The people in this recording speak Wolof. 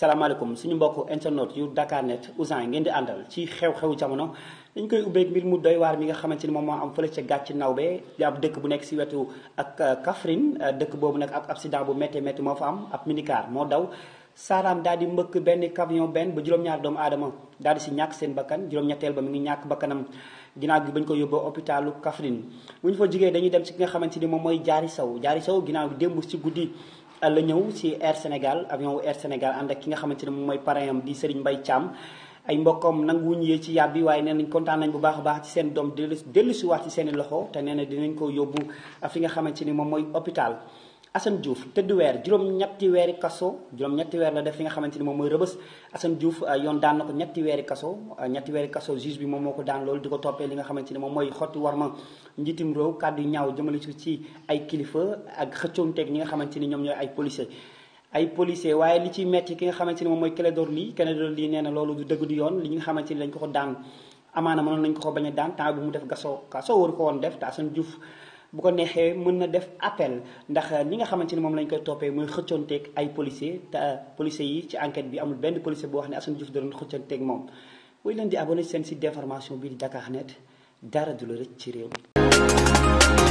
salaamaaleykum suñu mbokk internet yu Dakar Net Ouzin ngeen di àndal ci xew-xewu jamono dañ koy ubbeeg mbir mu doy waar mi nga xamante ni moom moo am fële ca gàcc nawbe di ab dëkk bu nekk si wetu ak euh, euh, dëkk boobu nag ab accident bu métti métti moo fa am ab minicar moo daw saaraam daal di mbëkk benn camion benn ba juróom doomu aadama daal si ñàkk seen bakkan juróom-ñetteel ba mi ngi ñàkk bakkanam ginnaaw gi ko yóbboo hôpitalu Kaffrine bu ñu fa jigee dañuy dem si ki nga xamante ni moom mooy jaari Sow jaari Sow ginnaaw gi démb ci guddi la ñëw si Air Sénégal ak wu Air Sénégal ànd ak ki nga xamante ne moom mooy parrain am di Serigne mbay Thiam. ay mbokkam nanguwuñ yee ci yàbbi waaye nee nañ kontaan nañ bu baax a baax ci seen doom dellu dellusiwaat ci seen i loxo te nee dinañ ko yóbbu fi nga xamante ni moom mooy hôpital. Assane Diouf tëdd weer juróom-ñetti weeri kaso juróom-ñetti weer la def li nga xamante ni moom mooy rëbës Assane Diouf euh, yoon daan na ko ñetti weeri kaso euh, ñetti bi moom moo ko daan loolu di ko toppee li nga xamante ni moom mooy xotti war ma njiitim réew kàddu ñaaw jëmale ci ay kilifa ak xëccoonteeg ñi nga xamante ni ñoom ñooy ay policier ay policier waaye li ciy metti ki nga xamante ni moom mooy Clédor Ly Clédor Ly nee na loolu du dëgg du yoon li nga xamante ni dañ ko ko daan amaana mënoon nañ ko ko bañ a daan temps bi mu def gaso kaso waru ko woon def te Assane Diouf bu ko neexee mën na def appel ndax ni nga xamante ne moom lañ koy toppee muy xëccoonteeg ay policier te policier yi ci enquête bi amul benn policier boo xam ne Assane Diouf da doon xëccoonteeg moom woy leen di abonné seen site d'information bi di Dakar Net dara du la rëcc ci réew mi